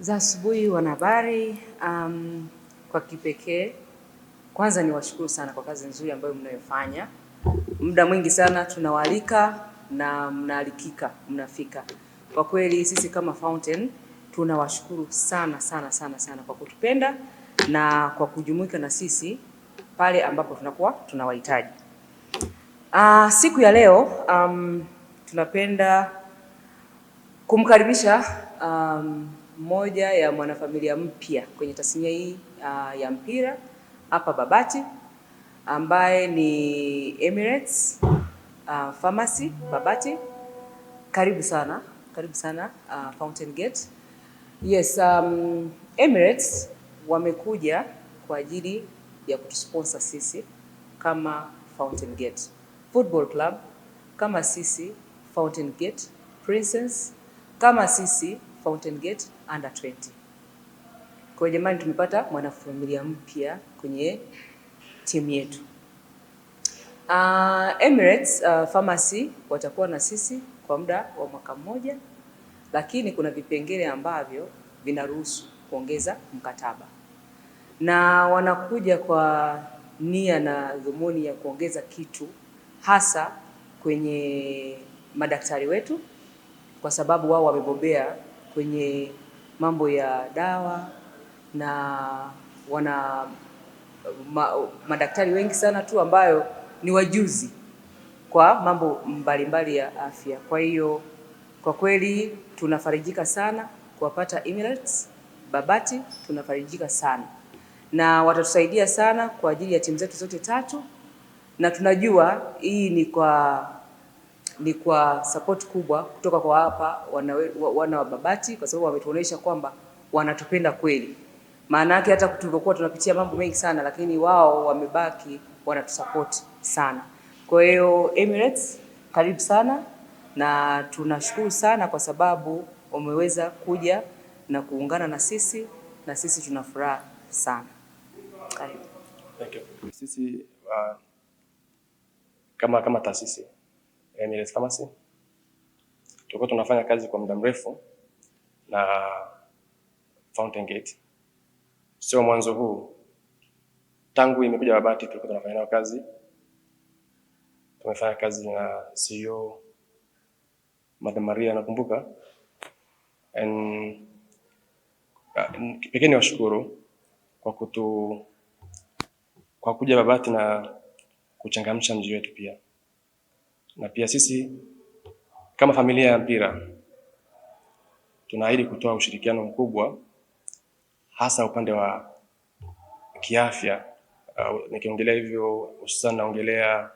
za asubuhi wanahabari. Um, kwa kipekee kwanza ni washukuru sana kwa kazi nzuri ambayo mnayofanya. Muda mwingi sana tunawaalika na mnaalikika, mnafika. Kwa kweli sisi kama Fountain tunawashukuru sana sana sana sana kwa kutupenda na kwa kujumuika na sisi pale ambapo tunakuwa tunawahitaji. Uh, siku ya leo um, tunapenda kumkaribisha um, moja ya mwanafamilia mpya kwenye tasnia hii uh, ya mpira hapa Babati ambaye ni Emirates uh, Pharmacy Babati. Karibu sana, karibu sana uh, Fountain Gate. Yes, um, Emirates wamekuja kwa ajili ya kutusponsor sisi kama Fountain Gate Football Club, kama sisi Fountain Gate Princess, kama sisi Fountain Gate under 20. Kwa hiyo jamani, tumepata mwanafamilia mpya kwenye timu yetu. Uh, Emirates uh, Pharmacy watakuwa na sisi kwa muda wa mwaka mmoja, lakini kuna vipengele ambavyo vinaruhusu kuongeza mkataba na wanakuja kwa nia na dhumuni ya kuongeza kitu hasa kwenye madaktari wetu, kwa sababu wao wamebobea kwenye mambo ya dawa na wana ma, madaktari wengi sana tu ambayo ni wajuzi kwa mambo mbalimbali mbali ya afya. Kwa hiyo kwa kweli tunafarijika sana kuwapata Emirates Babati, tunafarijika sana na watatusaidia sana kwa ajili ya timu zetu zote tatu, na tunajua hii ni kwa ni kwa support kubwa kutoka kwa hapa wana, wana wa Babati kwa sababu wametuonyesha kwamba wanatupenda kweli. Maana yake hata tulivyokuwa tunapitia mambo mengi sana, lakini wao wamebaki wanatusupport sana. Kwa hiyo Emirates, karibu sana na tunashukuru sana kwa sababu wameweza kuja na kuungana na sisi na sisi tuna furaha sana. Karibu. Thank you. Sisi uh, kama kama taasisi Emirates Pharmacy. Tulikuwa tunafanya kazi kwa muda mrefu na Fountain Gate, sio mwanzo huu. Tangu imekuja Babati tulikuwa tunafanya nayo kazi, tumefanya kazi na CEO Madam Maria nakumbuka. Uh, pekee ni washukuru kwa kutu kwa kuja Babati na kuchangamsha mji wetu pia na pia sisi kama familia ya mpira tunaahidi kutoa ushirikiano mkubwa, hasa upande wa kiafya. Uh, nikiongelea hivyo hususan naongelea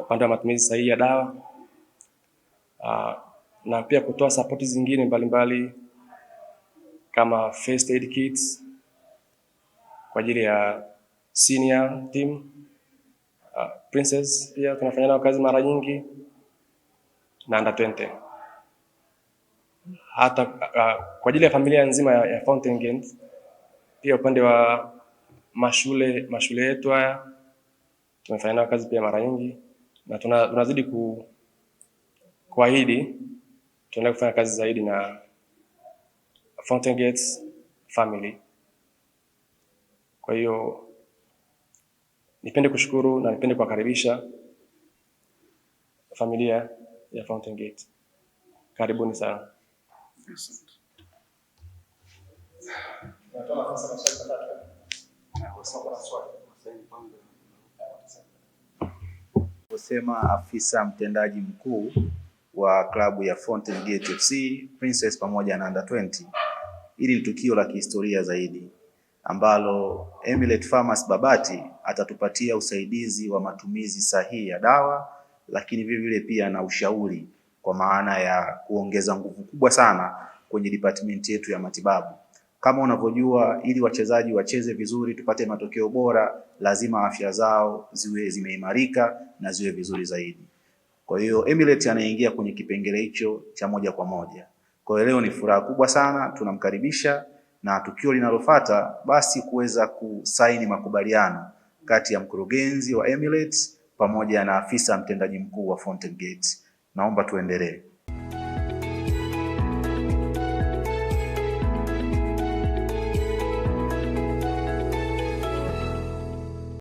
upande wa matumizi sahihi ya dawa uh, na pia kutoa sapoti zingine mbalimbali mbali, kama first aid kits kwa ajili ya senior team. Princess pia tunafanya nao kazi mara nyingi na under 20. Hata uh, kwa ajili ya familia nzima ya, ya Fountain Games pia upande wa mashule mashule yetu haya tumefanya nao kazi pia mara nyingi na tuna, tunazidi ku, kuahidi tuendelea kufanya kazi zaidi na Fountain Gates family. Kwa hiyo Nipende kushukuru na nipende kuwakaribisha familia ya Fountain Gate. Karibuni sana. Kusema afisa mtendaji mkuu wa klabu ya Fountain Gate FC Princess pamoja na under 20. Hili ni tukio la kihistoria zaidi ambalo Emirates Farmers Babati atatupatia usaidizi wa matumizi sahihi ya dawa, lakini vile vile pia na ushauri kwa maana ya kuongeza nguvu kubwa sana kwenye department yetu ya matibabu. Kama unavyojua, ili wachezaji wacheze vizuri, tupate matokeo bora, lazima afya zao ziwe zimeimarika na ziwe vizuri zaidi. Kwa hiyo Emirates anaingia kwenye kipengele hicho cha moja kwa moja. Kwa hiyo leo ni furaha kubwa sana, tunamkaribisha na tukio linalofuata basi kuweza kusaini makubaliano kati ya mkurugenzi wa Emirates pamoja na afisa mtendaji mkuu wa Fountain Gate. Naomba tuendelee.